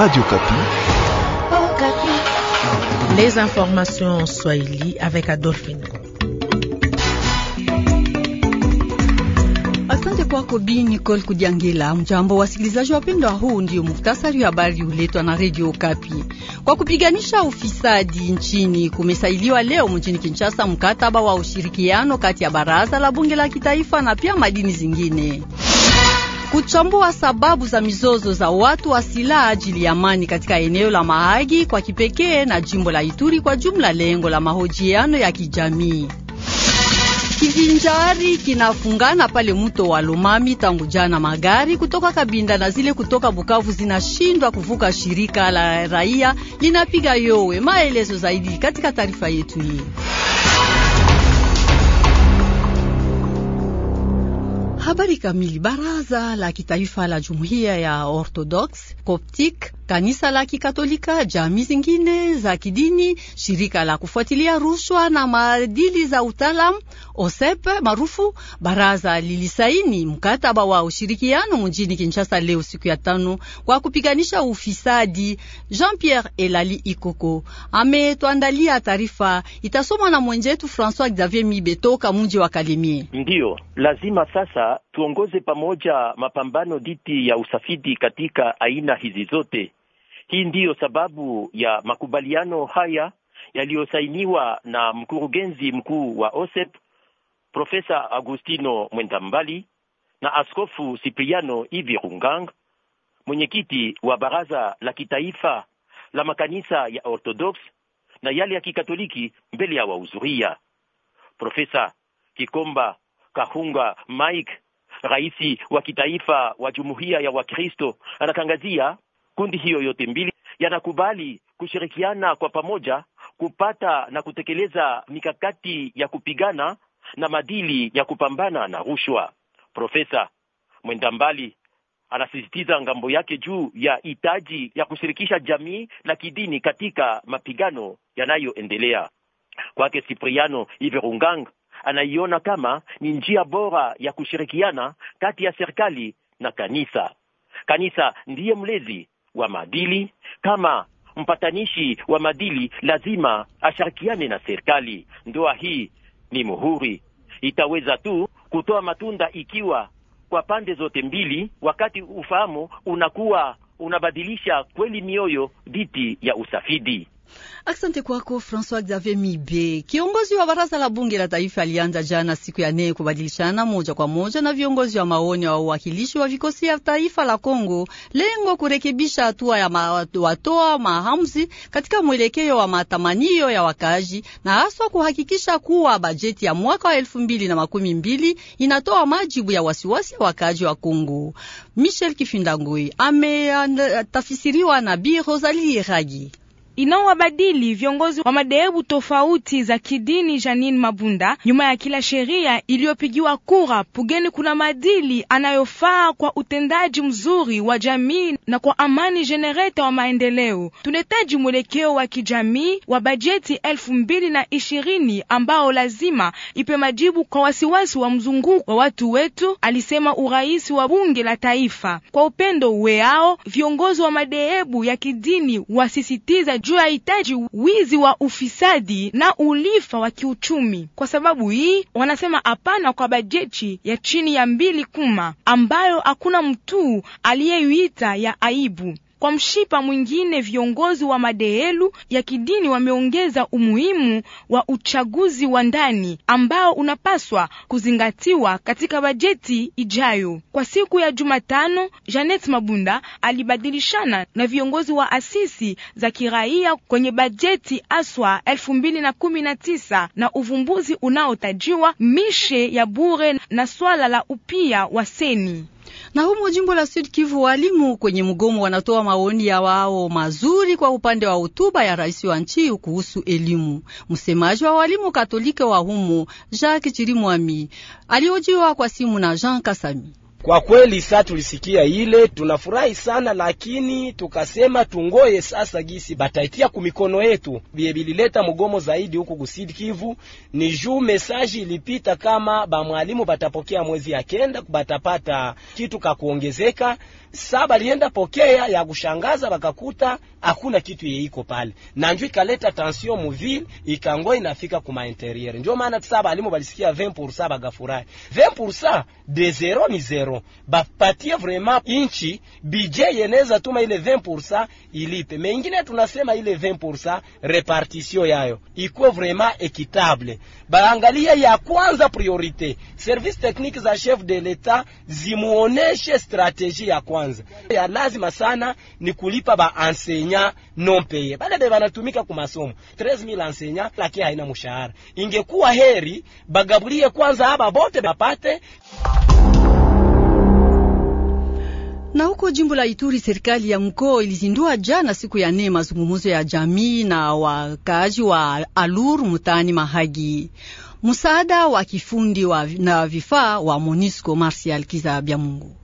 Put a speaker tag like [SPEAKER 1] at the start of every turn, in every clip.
[SPEAKER 1] Radio Kapi.
[SPEAKER 2] Oh, Kapi.
[SPEAKER 1] Les informations en Swahili avec Adolphine.
[SPEAKER 3] Asante kwako Bi Nicole Kudiangela. Mjambo wasikilizaji wapendwa, huu ndio muhtasari wa habari uletwa na Radio Kapi. Kwa kupiganisha ufisadi nchini kumesailiwa leo mjini Kinshasa mkataba wa ushirikiano kati ya baraza la bunge la kitaifa na pia madini zingine kuchambua sababu za mizozo za watu wa silaha ajili ya amani katika eneo la Mahagi kwa kipekee na jimbo la Ituri kwa jumla, lengo la mahojiano ya kijamii. Kivinjari kinafungana pale mto wa Lumami tangu jana. Magari kutoka Kabinda na zile kutoka Bukavu zinashindwa kuvuka. Shirika la raia linapiga yowe. Maelezo zaidi katika taarifa yetu hii. Habari kamili. Baraza la kitaifa la jumuiya ya Orthodox Coptic kanisa la Kikatolika, jamii zingine za kidini, shirika la kufuatilia rushwa na maadili za utaalamu osep maarufu. Baraza lilisaini mkataba wa ushirikiano mjini Kinshasa leo siku ya tano kwa kupiganisha ufisadi. Jean Pierre Elali Ikoko ametuandalia taarifa, itasomwa na mwenjetu François Xavier Mibe toka mji wa Kalemie.
[SPEAKER 4] Ndiyo lazima sasa tuongoze pamoja mapambano dhidi ya usafidi katika aina hizi zote hii ndiyo sababu ya makubaliano haya yaliyosainiwa na mkurugenzi mkuu wa OSEP Profesa Agustino Mwendambali na Askofu Sipriano Ivirungang, mwenyekiti wa Baraza la Kitaifa la Makanisa ya Orthodox na yale ya Kikatoliki mbele ya wahudhuria. Profesa Kikomba Kahunga Mike, raisi wa kitaifa wa Jumuiya ya Wakristo, anatangazia Kundi hiyo yote mbili yanakubali kushirikiana kwa pamoja kupata na kutekeleza mikakati ya kupigana na madili ya kupambana na rushwa. Profesa Mwendambali anasisitiza ngambo yake juu ya hitaji ya kushirikisha jamii na kidini katika mapigano yanayoendelea. Kwake Sipriano Iverungang anaiona kama ni njia bora ya kushirikiana kati ya serikali na kanisa. Kanisa ndiye mlezi wa maadili. Kama mpatanishi wa maadili, lazima ashirikiane na serikali. Ndoa hii ni muhuri, itaweza tu kutoa matunda ikiwa kwa pande zote mbili, wakati ufahamu unakuwa unabadilisha kweli mioyo dhidi ya usafidi.
[SPEAKER 3] Asante kwako Francois Xavier Mibe. Kiongozi wa baraza la bunge la taifa alianza jana siku ya nne kubadilishana moja kwa moja na viongozi wa maoni wa uwakilishi wa vikosi ya taifa la Kongo, lengo kurekebisha hatua ya ma, watoa maamuzi katika mwelekeo wa matamanio ya wakazi na haswa kuhakikisha kuwa bajeti ya mwaka wa elfu mbili na makumi mbili inatoa majibu ya wasiwasi ya wakazi wa Kongo. Michel Kifindangui ametafisiriwa na Bi Rosalie Ragi inaowabadili viongozi wa
[SPEAKER 1] madhehebu tofauti za kidini. Janine Mabunda, nyuma ya kila sheria iliyopigiwa kura pugeni kuna maadili anayofaa kwa utendaji mzuri wa jamii na kwa amani jenereta wa maendeleo. Tunahitaji mwelekeo wa kijamii wa bajeti elfu mbili na ishirini ambao lazima ipe majibu kwa wasiwasi wa mzunguko wa watu wetu, alisema urais wa bunge la taifa. Kwa upendo weao, viongozi wa madhehebu ya kidini wasisitiza juu ya hitaji wizi wa ufisadi na ulifa wa kiuchumi. Kwa sababu hii, wanasema hapana kwa bajeti ya chini ya mbili kuma ambayo hakuna mtu aliyeiita ya aibu. Kwa mshipa mwingine, viongozi wa madehelu ya kidini wameongeza umuhimu wa uchaguzi wa ndani ambao unapaswa kuzingatiwa katika bajeti ijayo. Kwa siku ya Jumatano, Janet Mabunda alibadilishana na viongozi wa asisi za kiraia kwenye bajeti aswa 2019 na uvumbuzi unaotajiwa mishe ya bure
[SPEAKER 3] na swala la upia wa seni. Na humo jimbo la Sud Kivu, walimu kwenye mgomo wanatoa maoni ya wao mazuri kwa upande wa hotuba ya rais wa nchi kuhusu elimu. Msemaji wa walimu Katolike wa humo Jacques Chirimwami aliojiwa kwa simu na Jean Kasami.
[SPEAKER 2] Kwa kweli saa tulisikia ile, tunafurahi sana, lakini tukasema tungoye sasa gisi bataitia kumikono yetu biebilileta mgomo zaidi huku kusidi Kivu. Ni juu mesaji ilipita kama bamwalimu batapokea mwezi ya kenda batapata kitu kakuongezeka. Sasa balienda pokea ya kushangaza, bakakuta hakuna kitu yeiko pale, na njoo ikaleta tension muville ikangoi inafika kuma interior. Ndio maana sasa balimu balisikia 20% bagafurahi 20% de zero ni zero maendeleo, bapatie vraiment inchi budget yeneza tuma ile 20% ilipe. Mengine tunasema ile 20% repartition yayo ikuwe vraiment equitable. Baangalia ya kwanza priorité service technique za chef de l'etat zimuoneshe strategie ya kwanza ya lazima sana ni kulipa ba ansenya non paye, bale banatumika ku masomo 13000 ansenya lakini haina mshahara. Ingekuwa heri bagabulie kwanza aba bote bapate
[SPEAKER 3] huko jimbo la Ituri, serikali ya mkoo ilizindua jana siku ya nne mazungumzo ya jamii na wakaaji wa Alur mutani Mahagi. Msaada wa kifundi wa na vifaa wa Monisco Martial bya Mungu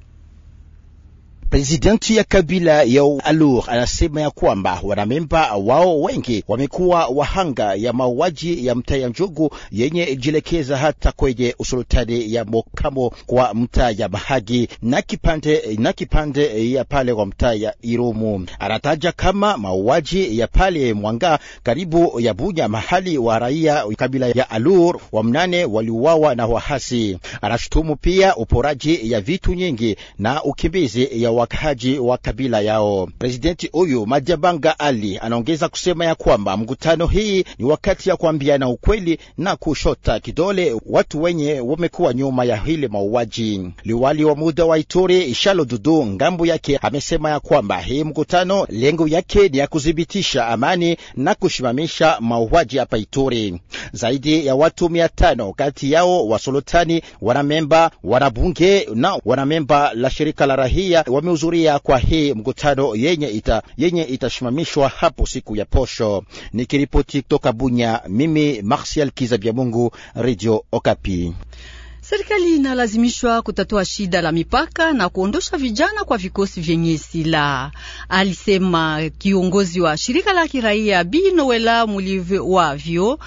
[SPEAKER 5] Presidenti ya kabila ya Alur anasema ya kwamba wanamemba wao wengi wamekuwa wahanga ya mauaji ya mtaa ya Njugu yenye jielekeza hata kwenye usultani ya Mokamo kwa mtaa ya Bahagi na kipande, na kipande ya pale kwa mtaa ya Irumu. Anataja kama mauaji ya pale Mwanga karibu ya Bunya mahali wa raia kabila ya Alur wa mnane waliuawa na wahasi. Anashutumu pia uporaji ya vitu nyingi na ukimbizi ya wakahaji wa kabila yao. Presidenti huyu Madiabanga Ali anaongeza kusema ya kwamba mkutano hii ni wakati ya kuambiana ukweli na kushota kidole watu wenye wamekuwa nyuma ya hili mauaji. Liwali wa muda wa Ituri Ishalo Dudu ngambo yake amesema ya kwamba hii mkutano lengo yake ni ya kudhibitisha amani na kushimamisha mauaji hapa Ituri. Zaidi ya watu mia tano kati yao wasolotani, wanamemba, wanabunge na wanamemba la shirika la rahia wame amehudhuria kwa hii mkutano yenye, ita, yenye itashimamishwa hapo siku ya posho. Nikiripoti kutoka Bunya, mimi Marsial Kiza Bya Mungu, Radio Okapi.
[SPEAKER 3] Serikali inalazimishwa kutatua shida la mipaka na kuondosha vijana kwa vikosi vyenye silaha, alisema kiongozi wa shirika la kiraia Bi Noela Mulive Muliwavyo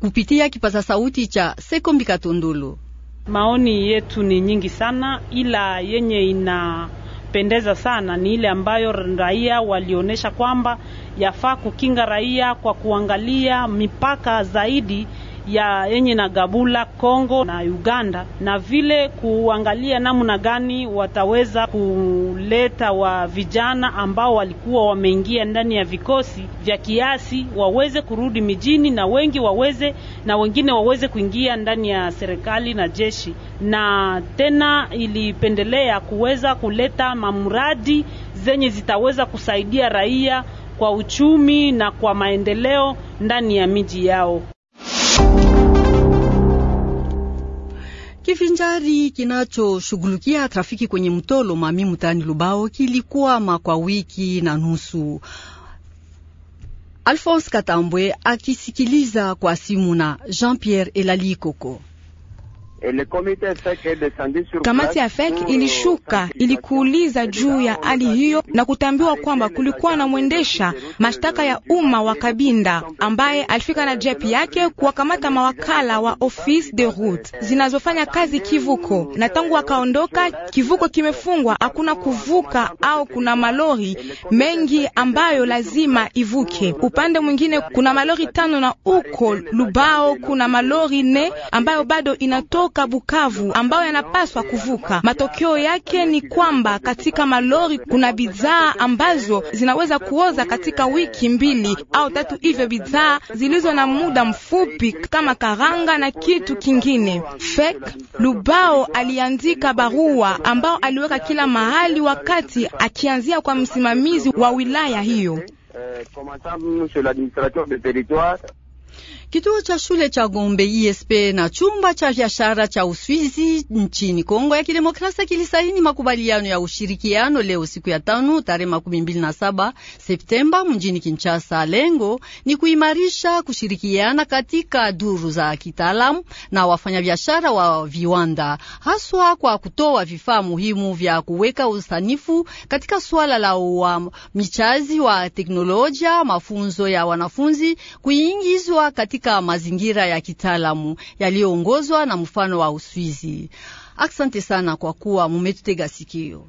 [SPEAKER 3] kupitia kipaza sauti cha Sekombi Katundulu. Maoni
[SPEAKER 1] yetu ni nyingi sana, ila yenye ina pendeza sana ni ile ambayo raia walionyesha kwamba yafaa kukinga raia kwa kuangalia mipaka zaidi ya yenye na gabula Kongo na Uganda, na vile kuangalia namna gani wataweza kuleta wa vijana ambao walikuwa wameingia ndani ya vikosi vya kiasi waweze kurudi mijini, na wengi waweze na wengine waweze kuingia ndani ya serikali na jeshi, na tena ilipendelea kuweza kuleta mamradi zenye zitaweza kusaidia raia kwa uchumi na kwa maendeleo ndani ya miji yao.
[SPEAKER 3] Kivinjari kinachoshughulikia trafiki kwenye mto Lomami mtaani Lubao kilikwama kwa wiki na nusu. Alphonse Katambwe akisikiliza kwa simu na Jean-Pierre Elali Koko.
[SPEAKER 5] Eh, e
[SPEAKER 4] Kamati ya FEC
[SPEAKER 3] ilishuka ilikuuliza juu ya hali hiyo na
[SPEAKER 1] kutambiwa kwamba kulikuwa na mwendesha mashtaka ya umma wa Kabinda ambaye alifika na jep yake kuwakamata mawakala wa Office de Route zinazofanya kazi kivuko, na tangu akaondoka kivuko kimefungwa, hakuna kuvuka au kuna malori mengi ambayo lazima ivuke. Upande mwingine kuna malori tano na uko Lubao kuna malori ne ambayo bado inatoka kutoka Bukavu ambayo yanapaswa kuvuka. Matokeo yake ni kwamba katika malori kuna bidhaa ambazo zinaweza kuoza katika wiki mbili au tatu, hivyo bidhaa zilizo na muda mfupi kama karanga na kitu kingine. Fek Lubao aliandika barua ambao aliweka kila mahali, wakati akianzia kwa
[SPEAKER 3] msimamizi wa wilaya hiyo. Eh, Kituo cha shule cha Gombe ESP na chumba cha biashara cha Uswizi nchini Kongo ya Kidemokrasia kilisaini makubaliano ya ushirikiano leo siku ya tano tarehe saba Septemba mjini Kinshasa. Lengo ni kuimarisha kushirikiana katika duru za kitaalamu na wafanyabiashara wa viwanda, haswa kwa kutoa vifaa muhimu vya kuweka usanifu katika suala la uamichazi wa teknolojia, mafunzo ya wanafunzi kuingizwa katika katika mazingira ya kitaalamu yaliyoongozwa na mfano wa Uswizi. Asante sana kwa kuwa mumetutega sikio.